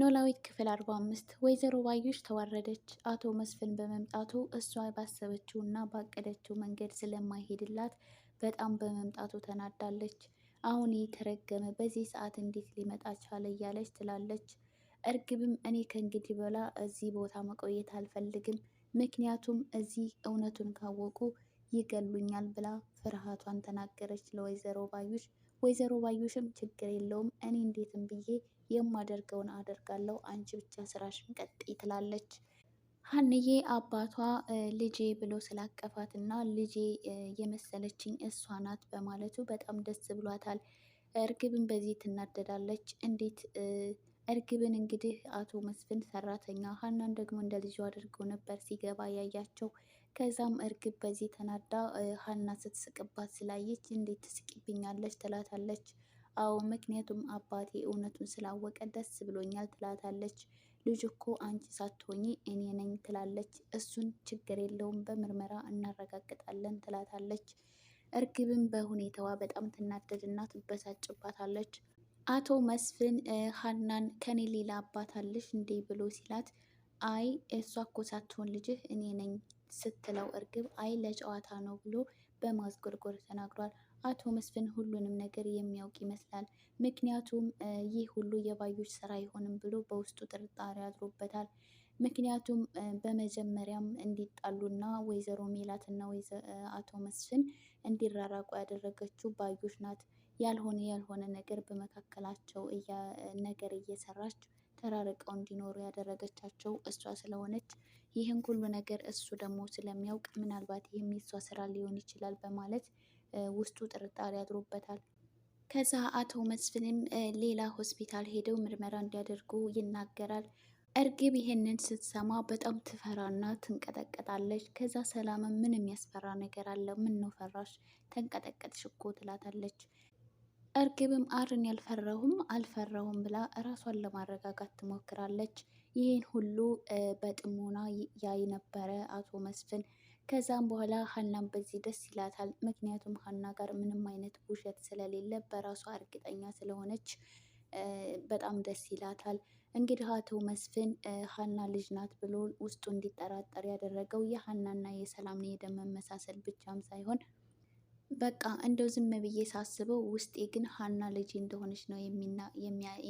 ኖላዊት ክፍል 45 ወይዘሮ ባዩሽ ተዋረደች። አቶ መስፍን በመምጣቱ እሷ ባሰበችው እና ባቀደችው መንገድ ስለማይሄድላት በጣም በመምጣቱ ተናዳለች። አሁን የተረገመ በዚህ ሰዓት እንዴት ሊመጣ ቻለ እያለች ትላለች። እርግብም እኔ ከእንግዲህ በላ እዚህ ቦታ መቆየት አልፈልግም፣ ምክንያቱም እዚህ እውነቱን ካወቁ ይገሉኛል ብላ ፍርሃቷን ተናገረች ለወይዘሮ ባዩሽ። ወይዘሮ ባዩሽም ችግር የለውም እኔ እንዴትም ብዬ የማደርገውን አደርጋለሁ፣ አንቺ ብቻ ስራሽን ቀጥይ ትላለች። ሀንዬ አባቷ ልጄ ብሎ ስላቀፋት እና ልጄ የመሰለችኝ እሷ ናት በማለቱ በጣም ደስ ብሏታል። እርግብን በዚህ ትናደዳለች። እንዴት እርግብን እንግዲህ አቶ መስፍን ሰራተኛ ሀናን ደግሞ እንደ ልጁ አድርገው ነበር ሲገባ ያያቸው። ከዛም እርግብ በዚህ ተናዳ ሀና ስትስቅባት ስላየች እንዴት ትስቂብኛለች ትላታለች። አዎ ምክንያቱም አባቴ እውነቱን ስላወቀ ደስ ብሎኛል ትላታለች። ልጅ እኮ አንቺ ሳትሆኚ እኔ ነኝ ትላለች። እሱን ችግር የለውም በምርመራ እናረጋግጣለን ትላታለች። እርግብን በሁኔታዋ በጣም ትናደድና ትበሳጭባታለች። አቶ መስፍን ሀናን ከኔ ሌላ አባት አለሽ እንዴ ብሎ ሲላት አይ እሷ እኮ ሳትሆን ልጅህ እኔ ነኝ ስትለው እርግብ አይ ለጨዋታ ነው ብሎ በማዝጎርጎር ተናግሯል። አቶ መስፍን ሁሉንም ነገር የሚያውቅ ይመስላል። ምክንያቱም ይህ ሁሉ የባዮች ስራ አይሆንም ብሎ በውስጡ ጥርጣሬ አድሮበታል። ምክንያቱም በመጀመሪያም እንዲጣሉና ወይዘሮ ሜላትና አቶ መስፍን እንዲራራቁ ያደረገችው ባዮች ናት። ያልሆነ ያልሆነ ነገር በመካከላቸው ነገር እየሰራች ተራርቀው እንዲኖሩ ያደረገቻቸው እሷ ስለሆነች ይህን ሁሉ ነገር እሱ ደግሞ ስለሚያውቅ ምናልባት ይህም የእሷ ስራ ሊሆን ይችላል በማለት ውስጡ ጥርጣሬ አድሮበታል። ከዛ አቶ መስፍንም ሌላ ሆስፒታል ሄደው ምርመራ እንዲያደርጉ ይናገራል። እርግብ ይህንን ስትሰማ በጣም ትፈራና ትንቀጠቀጣለች። ከዛ ሰላም ምን የሚያስፈራ ነገር አለ? ምን ነው ፈራሽ? ተንቀጠቀጥሽ እኮ ትላታለች። እርግብም አርን ያልፈራሁም አልፈራሁም ብላ እራሷን ለማረጋጋት ትሞክራለች። ይህን ሁሉ በጥሞና ያይ ነበረ አቶ መስፍን ከዛም በኋላ ሀናም በዚህ ደስ ይላታል። ምክንያቱም ሀና ጋር ምንም አይነት ውሸት ስለሌለ በራሷ እርግጠኛ ስለሆነች በጣም ደስ ይላታል። እንግዲህ አቶ መስፍን ሀና ልጅ ናት ብሎ ውስጡ እንዲጠራጠር ያደረገው የሀናና የሰላም የደም መመሳሰል ብቻም ሳይሆን በቃ እንደው ዝም ብዬ ሳስበው ውስጤ ግን ሀና ልጅ እንደሆነች ነው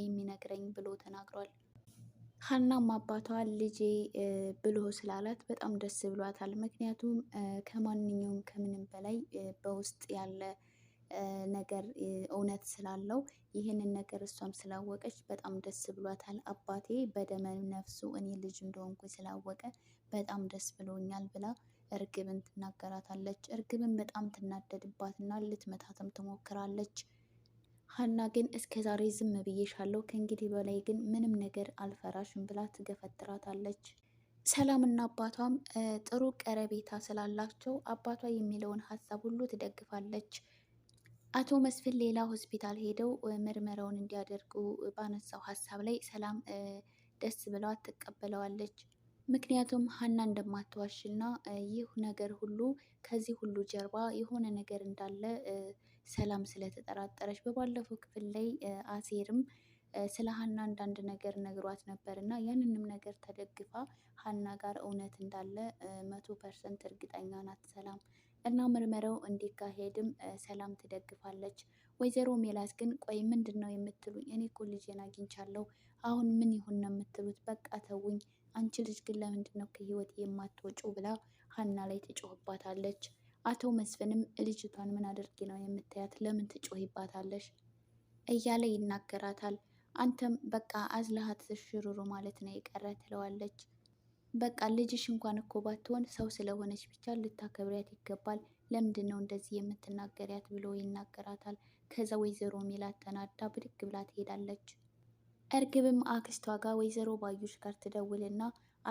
የሚነግረኝ ብሎ ተናግሯል። ሀናም አባቷ ልጄ ብሎ ስላላት በጣም ደስ ብሏታል። ምክንያቱም ከማንኛውም ከምንም በላይ በውስጥ ያለ ነገር እውነት ስላለው ይህንን ነገር እሷም ስላወቀች በጣም ደስ ብሏታል። አባቴ በደመ ነፍሱ እኔ ልጅ እንደሆንኩ ስላወቀ በጣም ደስ ብሎኛል ብላ እርግብን ትናገራታለች። እርግብን በጣም ትናደድባትና ልትመታትም ትሞክራለች። ሀና ግን እስከ ዛሬ ዝም ብዬሻለሁ፣ ከእንግዲህ በላይ ግን ምንም ነገር አልፈራሽም ብላ ትገፈትራታለች። ና አባቷም ጥሩ ቀረቤታ ስላላቸው አባቷ የሚለውን ሀሳብ ሁሉ ትደግፋለች። አቶ መስፍን ሌላ ሆስፒታል ሄደው ምርመራውን እንዲያደርጉ ባነሳው ሀሳብ ላይ ሰላም ደስ ብለዋት ትቀበለዋለች። ምክንያቱም ሀና እንደማትዋሽና ይህ ነገር ሁሉ ከዚህ ሁሉ ጀርባ የሆነ ነገር እንዳለ ሰላም ስለተጠራጠረች በባለፈው ክፍል ላይ አሴርም ስለ ሀና አንዳንድ ነገር ነግሯት ነበር እና ያንንም ነገር ተደግፋ ሀና ጋር እውነት እንዳለ መቶ ፐርሰንት እርግጠኛ ናት ሰላም። እና ምርመራው እንዲካሄድም ሰላም ትደግፋለች። ወይዘሮ ሜላት ግን ቆይ ምንድን ነው የምትሉኝ? እኔ እኮ ልጄን አግኝቻለሁ። አሁን ምን ይሁን ነው የምትሉት? በቃ ተውኝ አንቺ ልጅ ግን ለምንድን ነው ከህይወት የማትወጪው ብላ ሀና ላይ ትጮህባታለች። አቶ መስፍንም ልጅቷን ምን አድርጌ ነው የምታያት? ለምን ትጮህባታለች? እያለ ይናገራታል። አንተም በቃ አዝለሃት ሽሩሩ ማለት ነው የቀረ ትለዋለች። በቃ ልጅሽ እንኳን እኮ ባትሆን ሰው ስለሆነች ብቻ ልታከብሪያት ይገባል። ለምንድን ነው እንደዚህ የምትናገሪያት? ብሎ ይናገራታል። ከዛ ወይዘሮ ሜላት ተናዳ ብድግ ብላ ትሄዳለች። እርግብም አክስቷ ጋር ወይዘሮ ባዩሽ ጋር ትደውልና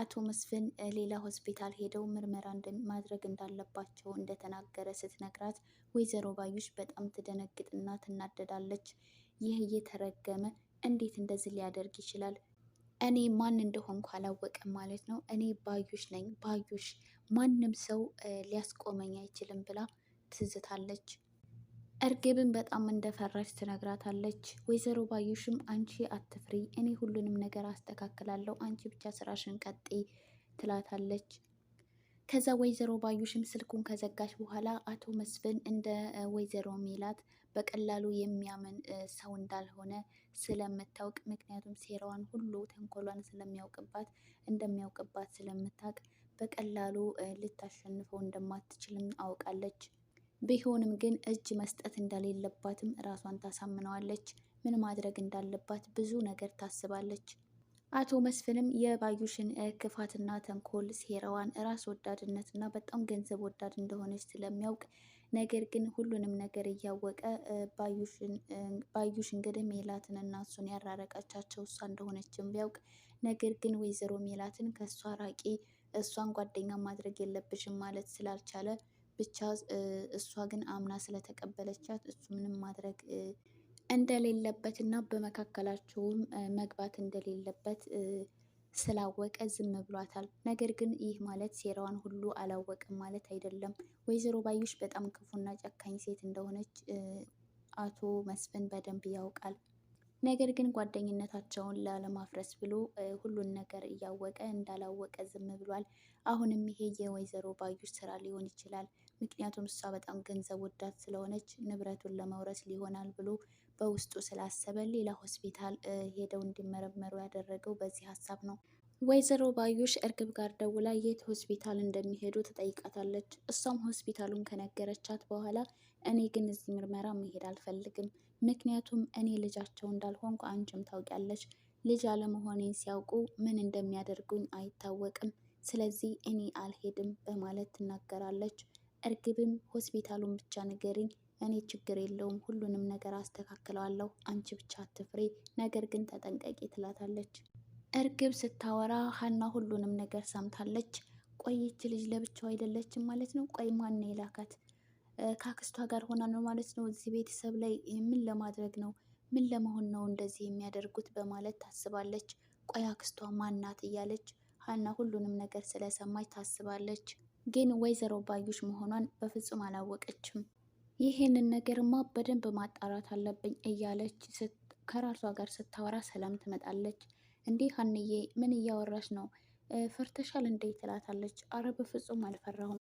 አቶ መስፍን ሌላ ሆስፒታል ሄደው ምርመራ ማድረግ እንዳለባቸው እንደተናገረ ስትነግራት ወይዘሮ ባዩሽ በጣም ትደነግጥና ትናደዳለች። ይህ እየተረገመ እንዴት እንደዚህ ሊያደርግ ይችላል? እኔ ማን እንደሆንኩ አላወቀም ማለት ነው። እኔ ባዩሽ ነኝ፣ ባዩሽ ማንም ሰው ሊያስቆመኝ አይችልም ብላ ትዝታለች። እርግብን በጣም እንደፈራች ትነግራታለች። ወይዘሮ ባዩሽም አንቺ አትፍሪ፣ እኔ ሁሉንም ነገር አስተካክላለሁ፣ አንቺ ብቻ ስራሽን ቀጤ ትላታለች። ከዛ ወይዘሮ ባዩሽም ስልኩን ከዘጋች በኋላ አቶ መስፍን እንደ ወይዘሮ ሜላት በቀላሉ የሚያምን ሰው እንዳልሆነ ስለምታውቅ ምክንያቱም ሴራዋን ሁሉ ተንኮሏን ስለሚያውቅባት እንደሚያውቅባት ስለምታውቅ በቀላሉ ልታሸንፈው እንደማትችልም አውቃለች። ቢሆንም ግን እጅ መስጠት እንደሌለባትም ራሷን ታሳምነዋለች። ምን ማድረግ እንዳለባት ብዙ ነገር ታስባለች። አቶ መስፍንም የባዩሽን ክፋትና ተንኮል ሴራዋን፣ ራስ ወዳድነት እና በጣም ገንዘብ ወዳድ እንደሆነች ስለሚያውቅ ነገር ግን ሁሉንም ነገር እያወቀ ባዩሽ እንግዲህ ሜላትን እና እሱን ያራረቀቻቸው እሷ እንደሆነችም ቢያውቅ ነገር ግን ወይዘሮ ሜላትን ከእሷ ራቂ፣ እሷን ጓደኛ ማድረግ የለብሽም ማለት ስላልቻለ ብቻ እሷ ግን አምና ስለተቀበለቻት እሱ ምንም ማድረግ እንደሌለበት እና በመካከላቸውም መግባት እንደሌለበት ስላወቀ ዝም ብሏታል። ነገር ግን ይህ ማለት ሴራዋን ሁሉ አላወቀም ማለት አይደለም። ወይዘሮ ባዩሽ በጣም ክፉና ጨካኝ ሴት እንደሆነች አቶ መስፍን በደንብ ያውቃል። ነገር ግን ጓደኝነታቸውን ላለማፍረስ ብሎ ሁሉን ነገር እያወቀ እንዳላወቀ ዝም ብሏል። አሁንም ይሄ የወይዘሮ ባዩሽ ስራ ሊሆን ይችላል። ምክንያቱም እሷ በጣም ገንዘብ ወዳት ስለሆነች ንብረቱን ለመውረስ ሊሆናል ብሎ በውስጡ ስላሰበ ሌላ ሆስፒታል ሄደው እንዲመረመሩ ያደረገው በዚህ ሀሳብ ነው። ወይዘሮ ባዩሽ እርግብ ጋር ደውላ የት ሆስፒታል እንደሚሄዱ ትጠይቃታለች። እሷም ሆስፒታሉን ከነገረቻት በኋላ እኔ ግን እዚህ ምርመራ መሄድ አልፈልግም፣ ምክንያቱም እኔ ልጃቸው እንዳልሆንኩ አንቺም ታውቂያለች። ልጅ አለመሆኔን ሲያውቁ ምን እንደሚያደርጉኝ አይታወቅም። ስለዚህ እኔ አልሄድም በማለት ትናገራለች። እርግብም ሆስፒታሉን ብቻ ንገሪኝ፣ እኔ ችግር የለውም ሁሉንም ነገር አስተካክለዋለሁ፣ አንቺ ብቻ አትፍሬ፣ ነገር ግን ተጠንቀቂ ትላታለች። እርግብ ስታወራ ሀና ሁሉንም ነገር ሰምታለች። ቆይች ልጅ ለብቻው አይደለችም ማለት ነው። ቆይ ማን የላካት? ከአክስቷ ጋር ሆና ነው ማለት ነው። እዚህ ቤተሰብ ላይ ምን ለማድረግ ነው? ምን ለመሆን ነው እንደዚህ የሚያደርጉት? በማለት ታስባለች። ቆይ አክስቷ ማናት? እያለች ሀና ሁሉንም ነገር ስለሰማች ታስባለች። ግን ወይዘሮ ባዩሽ መሆኗን በፍጹም አላወቀችም። ይህንን ነገርማ በደንብ ማጣራት አለብኝ እያለች ከራሷ ጋር ስታወራ ሰላም ትመጣለች። እንዲህ ሀንዬ ምን እያወራች ነው? ፈርተሻል እንዴ ትላታለች። አረ በፍጹም አልፈራሁም።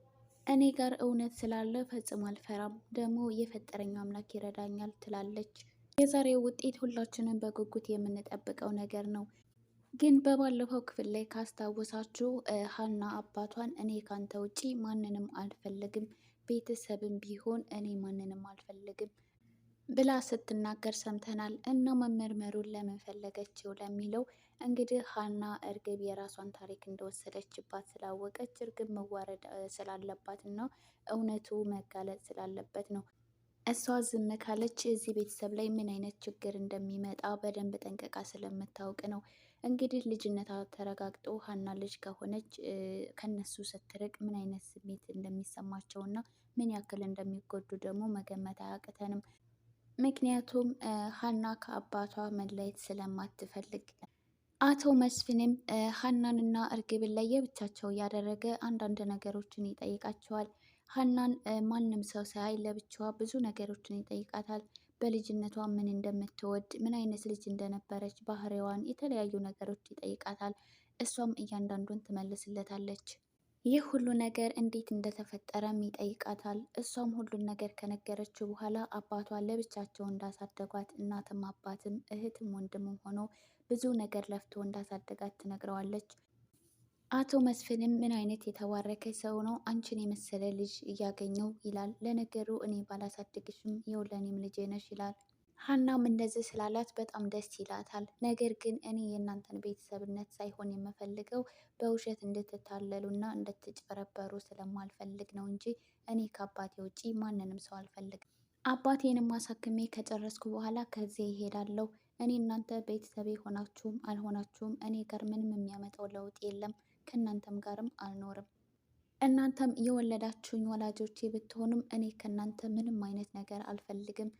እኔ ጋር እውነት ስላለ ፈጽሞ አልፈራም። ደግሞ የፈጠረኝ አምላክ ይረዳኛል ትላለች። የዛሬው ውጤት ሁላችንም በጉጉት የምንጠብቀው ነገር ነው። ግን በባለፈው ክፍል ላይ ካስታወሳችሁ ሀና አባቷን እኔ ካንተ ውጪ ማንንም አልፈልግም፣ ቤተሰብም ቢሆን እኔ ማንንም አልፈልግም ብላ ስትናገር ሰምተናል። እና መመርመሩን ለምን ፈለገችው ለሚለው እንግዲህ ሀና እርግብ የራሷን ታሪክ እንደወሰደችባት ስላወቀች እርግብ መዋረድ ስላለባት እና እውነቱ መጋለጥ ስላለበት ነው። እሷ ዝም ካለች እዚህ ቤተሰብ ላይ ምን አይነት ችግር እንደሚመጣ በደንብ ጠንቀቃ ስለምታውቅ ነው። እንግዲህ ልጅነቷ ተረጋግጦ ሀና ልጅ ከሆነች ከነሱ ስትርቅ ምን አይነት ስሜት እንደሚሰማቸውና ምን ያክል እንደሚጎዱ ደግሞ መገመት አያቅተንም። ምክንያቱም ሀና ከአባቷ መለየት ስለማትፈልግ አቶ መስፍንም ሀናንና እርግብን ለየብቻቸው እያደረገ አንዳንድ ነገሮችን ይጠይቃቸዋል። ሀናን ማንም ሰው ሳያይ ለብቻዋ ብዙ ነገሮችን ይጠይቃታል። በልጅነቷ ምን እንደምትወድ፣ ምን አይነት ልጅ እንደነበረች፣ ባህሪዋን፣ የተለያዩ ነገሮች ይጠይቃታል። እሷም እያንዳንዱን ትመልስለታለች። ይህ ሁሉ ነገር እንዴት እንደተፈጠረም ይጠይቃታል። እሷም ሁሉን ነገር ከነገረችው በኋላ አባቷ ለብቻቸው እንዳሳደጓት እናትም አባትም እህትም ወንድምም ሆኖ ብዙ ነገር ለፍቶ እንዳሳደጋት ትነግረዋለች። አቶ መስፍንም ምን አይነት የተባረከ ሰው ነው አንቺን የመሰለ ልጅ እያገኘው ይላል። ለነገሩ እኔ ባላሳድግሽም የውለኔም ልጄ ነሽ ይላል። ሀናም እንደዚህ ስላላት በጣም ደስ ይላታል። ነገር ግን እኔ የእናንተን ቤተሰብነት ሳይሆን የምፈልገው በውሸት እንድትታለሉ እና እንድትጭበረበሩ ስለማልፈልግ ነው እንጂ እኔ ከአባቴ ውጪ ማንንም ሰው አልፈልግም። አባቴንም አሳክሜ ከጨረስኩ በኋላ ከዚህ ይሄዳለሁ። እኔ እናንተ ቤተሰቤ ሆናችሁም አልሆናችሁም እኔ ጋር ምንም የሚያመጣው ለውጥ የለም። ከእናንተም ጋርም አልኖርም። እናንተም የወለዳችሁኝ ወላጆቼ ብትሆኑም እኔ ከእናንተ ምንም አይነት ነገር አልፈልግም።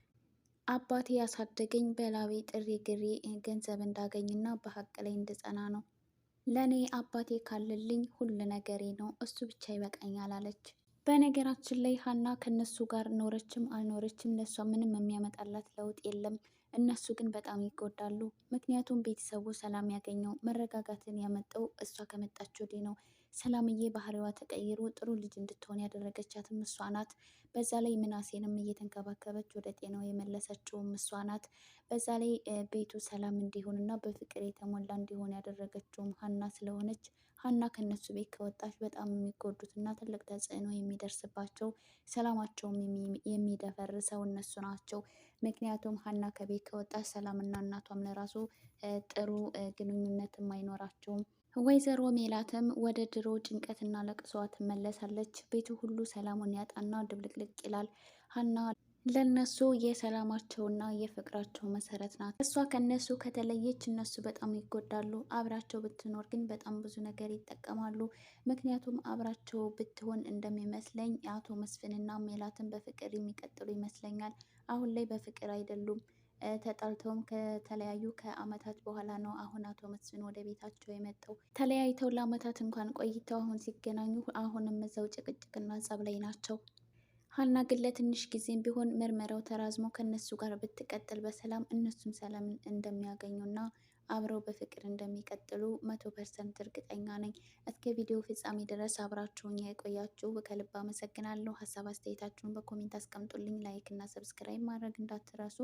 አባቴ ያሳደገኝ በላቤ ጥሪ ግሬ ገንዘብ እንዳገኝና በሀቅ ላይ እንድጸና ነው። ለእኔ አባቴ ካለልኝ ሁሉ ነገሬ ነው፣ እሱ ብቻ ይበቃኛል አለች። በነገራችን ላይ ሀና ከነሱ ጋር ኖረችም አልኖረችም ለእሷ ምንም የሚያመጣላት ለውጥ የለም። እነሱ ግን በጣም ይጎዳሉ። ምክንያቱም ቤተሰቡ ሰላም ያገኘው መረጋጋትን ያመጣው እሷ ከመጣች ወዲህ ነው። ሰላምዬ ባህሪዋ ተቀይሮ ጥሩ ልጅ እንድትሆን ያደረገቻትም እሷ ናት። በዛ ላይ ምናሴንም እየተንከባከበች ወደ ጤናው የመለሰችውም እሷ ናት። በዛ ላይ ቤቱ ሰላም እንዲሆንና በፍቅር የተሞላ እንዲሆን ያደረገችውም ሀና ስለሆነች ሀና ከነሱ ቤት ከወጣች በጣም የሚጎዱት እና ትልቅ ተጽዕኖ የሚደርስባቸው ሰላማቸውም የሚደፈርሰው እነሱ ናቸው። ምክንያቱም ሀና ከቤት ከወጣች ሰላምና እናቷም ለራሱ ጥሩ ግንኙነትም አይኖራቸውም። ወይዘሮ ሜላትም ወደ ድሮ ጭንቀትና ለቅሷ ትመለሳለች። ቤቱ ሁሉ ሰላሙን ያጣና ድብልቅልቅ ይላል ሀና ለነሱ የሰላማቸውና የፍቅራቸው መሰረት ናት። እሷ ከነሱ ከተለየች እነሱ በጣም ይጎዳሉ። አብራቸው ብትኖር ግን በጣም ብዙ ነገር ይጠቀማሉ። ምክንያቱም አብራቸው ብትሆን እንደሚመስለኝ የአቶ መስፍንና ሜላትን በፍቅር የሚቀጥሉ ይመስለኛል። አሁን ላይ በፍቅር አይደሉም። ተጣልተውም ከተለያዩ ከአመታት በኋላ ነው አሁን አቶ መስፍን ወደ ቤታቸው የመጣው። ተለያይተው ለአመታት እንኳን ቆይተው አሁን ሲገናኙ አሁንም እዛው ጭቅጭቅና ጸብ ላይ ናቸው። ሀና ግን ለትንሽ ጊዜም ቢሆን ምርመራው ተራዝሞ ከነሱ ጋር ብትቀጥል በሰላም እነሱም ሰላምን እንደሚያገኙና አብረው በፍቅር እንደሚቀጥሉ መቶ ፐርሰንት እርግጠኛ ነኝ። እስከ ቪዲዮ ፍጻሜ ድረስ አብራችሁን የቆያችሁ ከልብ አመሰግናለሁ። ሀሳብ አስተያየታችሁን በኮሜንት አስቀምጡልኝ። ላይክ እና ሰብስክራይብ ማድረግ እንዳትረሱ።